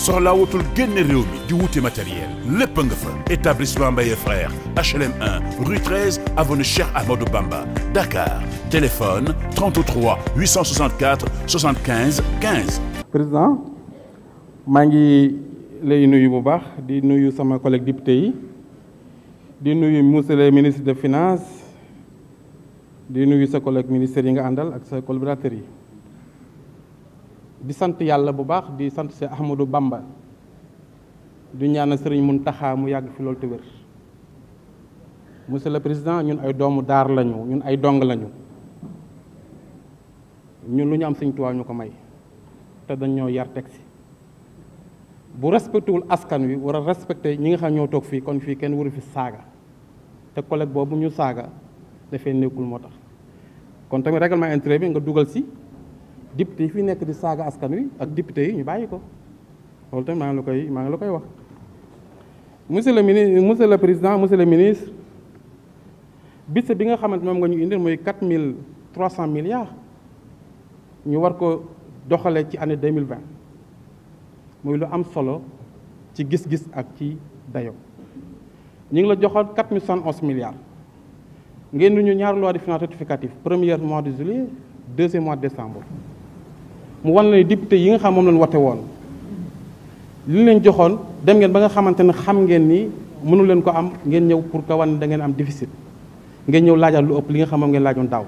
soxlaa wutul génne réew mi di wuti matériel lépp nga fa établissement Mbaye frère HLM 1 rue 13 avenue Cheikh Amadou Bamba Dakar téléphone 33 864 75 président maa ngi lay nuyu bu baax di nuyu sama collègue député yi di nuyu monsieur ministre de finance di nuyu sa collègue ministère yi nga àndal ak sa collaborateurs yi. di sant yàlla bu baax di sant si Ahmadou Bamba du ñaanal mun taxaa mu yàgg fi loolu te wér monsieur le président ñun ay doomu daar lañu ñun ay dong lañu ñun lu ñu am Sëriñ Tuubaa ñu ko may te ñoo yar teg si bu respectewul askan wi war a respecté ñi nga xam ñoo toog fii kon fii kenn waru fi saaga te collègue boobu ñu saaga dafay nekkul moo tax kon tamit règlement intérieur bi nga dugal si député yi fi nekk di saaga askan wi ak député yi ñu bàyyi ko loolu tamit maa ngi la koy maa ngi la koy wax monsieur le ministre monsieur le président monsieur le ministre budget bi nga xamante moom nga ñu indil mooy quatre mille trois cent milliards ñu war ko doxalee ci année deux mille vingt muy lu am solo ci gis-gis ak ci dayo ñu ngi la joxoon quatre mille cent onze milliards ngeen ñu ñaar loi de finances rectificative premier mois de juillet deuxième mois de décembre mu wan la ne député yi nga xam moom lañ wate woon li leen joxoon dem ngeen ba nga xamante ne xam ngeen ni mënu leen ko am ngeen ñëw pour que wan da ngeen am déficit ngeen ñëw laajal lu ëpp li nga xam ngeen laajoon daaw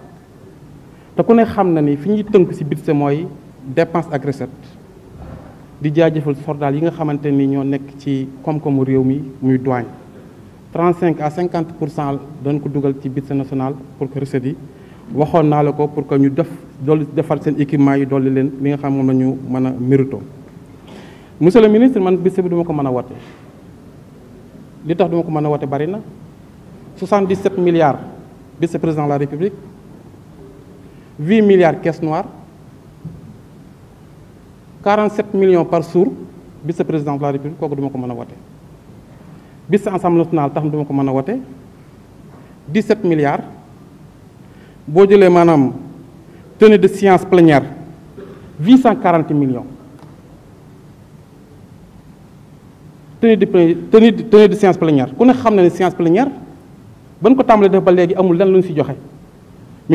te ku ne xam na ni fi ñuy tënk si budget mooy dépense ak recette di jaajëfal sordaal yi nga xamante ni ñoo nekk ci koom-koomu réew mi muy douane 35 à cinquante pour cent dañ ko dugal ci budget national pour que recettes yi waxoon naa la ko pour que ñu def doolu defar seen équipement yi dolli leen li nga xam moom mën a mérito monsieur le ministre man bés bi duma ko mën a woote li tax duma ko mën a woote bari na 77 milliards bés président de la république 8 milliards caisse noire 47 millions par jour bés président de la république kooku duma ko mën a woote bés assemblée nationale tax duma ko mën a woote 17 milliards. boo jëlee maanaam tenue de séance plénière huit cent quarante millions tenue de tenue tenue de séance plénière ku ne xam na ne séance plénière ba ñu ko tàmbalee def ba léegi amul lan lu ñu si joxe mu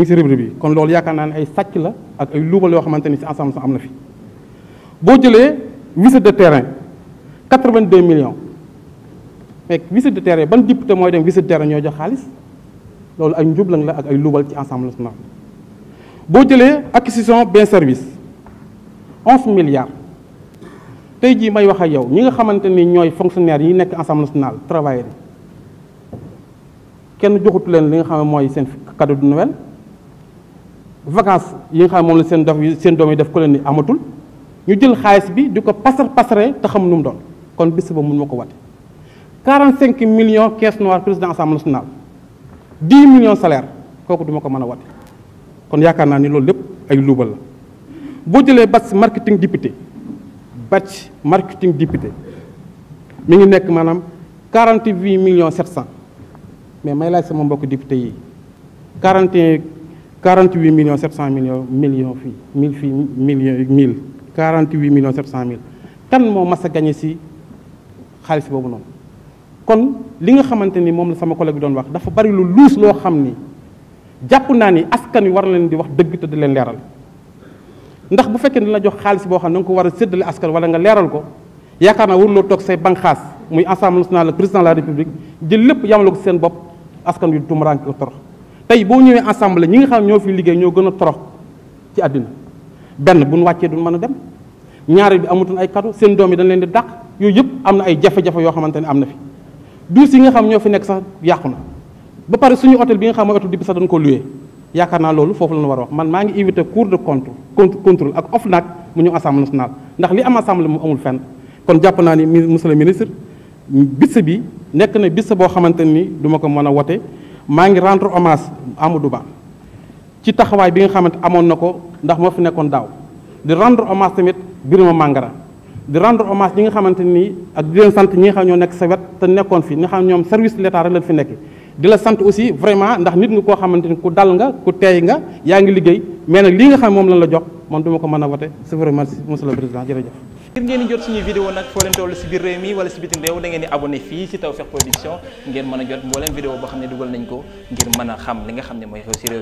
ngi si rubrique bi kon loolu yaakaar naa ne ay sàcc la ak ay luubal yoo xamante ni si ensemble sax am na fi boo jëlee visite de terrain quatre-vingt-deux millions mais visite de terrain ban député mooy dem visite de ñoo jox xaalis. loolu ay njublang la ak ay luubal ci ensemble national boo jëlee acquisition bien service onze milliards tey jii may wax ak yow ñi nga xamante ni ñooy fonctionnaire yi nekk ensemble national travailleurs yi kenn joxutu leen li nga xam ne mooy seen cadeau de Noël vacances yi nga xam ne moom la seen dof seen doom yi def ko leen ni amatul ñu jël xaalis bi di ko pasar pasare te xam nu mu doon kon bis ba mun ma ko wate 45 millions caisse noire président assemblée nationale dix million salaire kooku duma ko mën a wate kon yaakaar naa ni loolu lépp ay luubal la boo jëlee batch marketing député batch marketing député mi ngi nekk maanaam quarante huit millions sept cent mais may laaj sama mbokk député yi quarante et quarante huit millions cent millions millions fii mille fii million mill quarante huit millions sept cent mille kan moo mas a gañe si xaalis boobu noonu kon li nga xamante ni moom la sama collègue doon wax dafa bari lu luus loo xam ni jàpp naa ni askan wi war leen di wax dëgg te di leen leeral ndax bu fekkee ne la jox xaalis boo xam ne nga ko war a séddale askan wala nga leeral ko yaakaar naa waruloo toog say banqaas muy assemblée nationale président de la république jël lépp yamala ko seen bopp askan yu tumuraan ko torox tey boo ñëwee assemblée ñi nga xam ne ñoo fi liggéey ñoo gën a torox ci àddina benn bu nu wàccee duñ mën a dem ñaari bi amutoon ay cadeau seen doom yi dañ leen di dàq yooyu yëpp am na ay jafe-jafe yoo xamante ne am na fi duus yi nga xam ñoo fi nekk sax yàqu na ba pare suñu hôtel bi nga xam mooy hôtel bi sax dañ ko loué yaakaar naa loolu foofu la ñu war a wax man maa ngi invité cour de compte contrôle ak OFNAC mu ñëw assemblée nationale ndax li am assemblée mu amul fenn kon jàpp naa ni monsieur le ministre bis bi nekk na bis boo xamante ni du ko mën a wote maa ngi rendre hommage Amadou Ba ci taxawaay bi nga xamante amoon na ko ndax moo fi nekkoon daaw di rendre hommage tamit Birima di rendre hommage ñi nga xamante nii ak di leen sant ñi nga xam ñoo nekk sa wet te nekkoon fi nga xam ñoom service de rek lañ fi nekk di la sant aussi vraiment ndax nit nga koo xamante ni ku dal nga ku teey nga yaa ngi liggéey mais nag lii nga xam moom lañ la jox man du ko mën a voté c'est vraiment monsieur le président jërëjëf ngir ngeen di jot suñuy vidéo nag foo leen toll si biir réew mi wala si bitim réew da di abonné fii si Tawfekh Production ngeen mën a jot mbooleem vidéo boo xam ne dugal nañ li nga xam ne mooy xew si